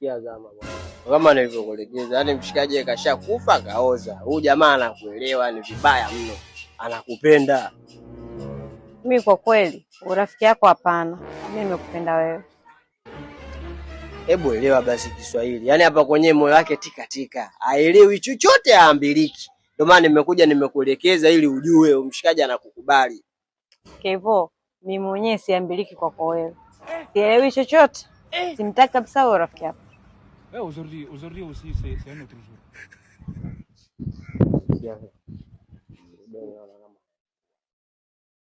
Zama kama nilivyokuelekeza, yaani mshikaji kasha kufa kaoza. Huyu jamaa anakuelewa, ni vibaya mno, anakupenda. Mimi kwa kweli urafiki yako hapana, mimi nimekupenda wewe. Hebu elewa basi Kiswahili, yaani hapa kwenye moyo wake tika tika, aelewi chochote, aambiliki. Ndio maana nimekuja nimekuelekeza, ili ujue mshikaji anakukubali. Kevo, mimi mwenyewe siambiliki kwako wewe, sielewi chochote, simtaki kabisa wewe rafiki yako Eh, aujourd'hui, aujourd'hui aussi, c'est un autre jour. Bien.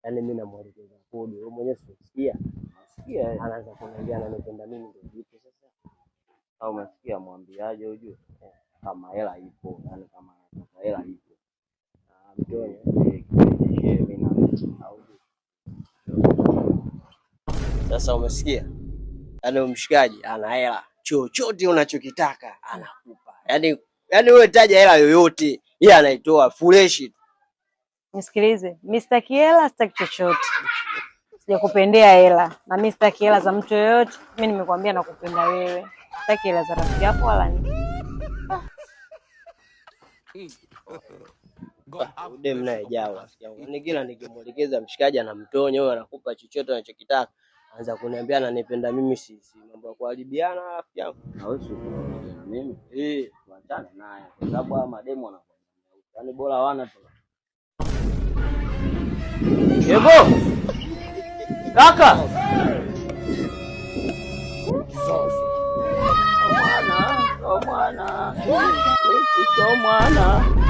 Yaani mimi namwelekeza kodi, wewe mwenyewe unasikia? Nasikia. Anaanza kuniambia ananipenda mimi ndio vipi sasa? Au unasikia mwambiaje ujue? Eh, kama hela ipo, yaani kama anataka hela ipo. Eh, eh, mimi na au sasa umesikia? yani umshikaji ana hela chochote unachokitaka anakupa. Yaani yaani wewe taja hela yoyote, yeye anaitoa fresh. Nisikilize, mimi sitaki hela, sitaki chochote. Sijakupendea hela na mimi sitaki hela za mtu yoyote. Mimi nimekwambia nakupenda wewe, sitaki hela za rafiki yako wala nini. Ude naye jawa, ningine nikimwelekeza mshikaji anamtonya, huyo anakupa chochote anachokitaka anza kuniambia ananipenda mimi, si si mambo ya kuharibiana rafiki yangu. Hawezi kuniambia mimi eh, tuachane naye kwa sababu haya mademo wanakuwa yaani bora wana tu. Yego kaka so mwana so mwana so mwana